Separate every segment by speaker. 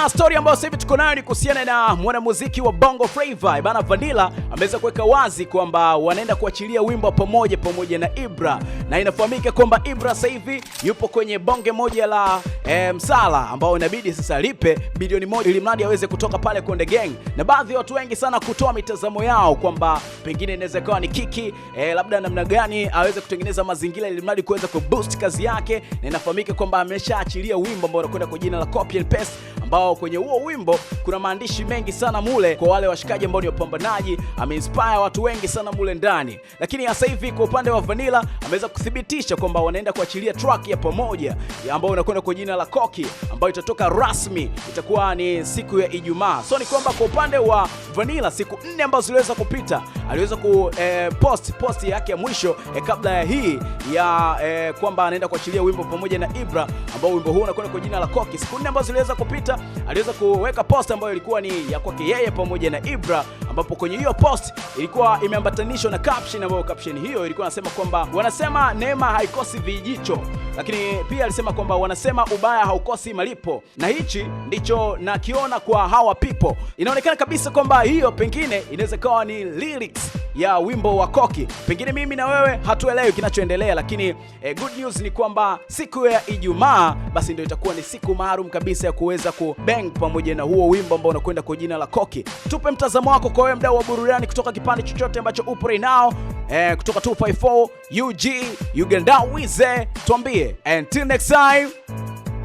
Speaker 1: Bana, story ambayo sasa hivi tuko nayo ni kuhusiana na mwanamuziki wa Bongo Flava bana, Vanilla ameweza kuweka wazi kwamba wanaenda kuachilia wimbo pamoja pamoja na Ibra, na inafahamika kwamba Ibra sasa hivi yupo kwenye bonge moja la e, msala ambao inabidi sasa lipe bilioni moja ili mradi aweze kutoka pale Konde Gang, na baadhi ya watu wengi sana kutoa mitazamo yao kwamba pengine inaweza ikawa ni kiki e, labda namna gani aweze kutengeneza mazingira ili mradi kuweza kuboost kazi yake, na inafahamika kwamba ameshaachilia wimbo ambao unakwenda kwa jina la Copy and Paste ambao kwenye huo wimbo kuna maandishi mengi sana mule, kwa wale washikaji ambao ni wapambanaji, ameinspire watu wengi sana mule ndani. Lakini sasa hivi kwa upande wa Vanilla ameweza kuthibitisha kwamba wanaenda kuachilia track ya pamoja ambayo inakwenda kwa jina la Koki, ambayo itatoka rasmi, itakuwa ni siku ya Ijumaa. So ni kwamba kwa upande wa Vanilla, siku nne ambazo ziliweza kupita aliweza ku eh, post post yake ya mwisho eh, kabla ya hii ya eh, kwamba anaenda kuachilia wimbo pamoja na Ibra ambao wimbo huu unakwenda kwa jina la Koki. Siku nne ambazo ziliweza kupita aliweza kuweka post ambayo ilikuwa ni ya kwake yeye pamoja na Ibra, ambapo kwenye hiyo post ilikuwa imeambatanishwa na caption ambayo caption hiyo ilikuwa nasema kwamba wanasema neema haikosi vijicho, lakini pia alisema kwamba wanasema ubaya haukosi malipo, na hichi ndicho nakiona kwa hawa people. Inaonekana kabisa kwamba hiyo pengine inaweza kawa ni lyrics ya wimbo wa Koki. Pengine mimi na wewe hatuelewi kinachoendelea, lakini eh, good news ni kwamba siku ya Ijumaa basi ndio itakuwa ni siku maalum kabisa ya kuweza kubang pamoja na huo wimbo ambao unakwenda kwa jina la Koki. Tupe mtazamo wako kwa wewe mdau wa burudani kutoka kipande chochote ambacho upo right now, eh, kutoka 254 UG Uganda Wize, tuambie. Until next time.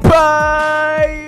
Speaker 1: Bye.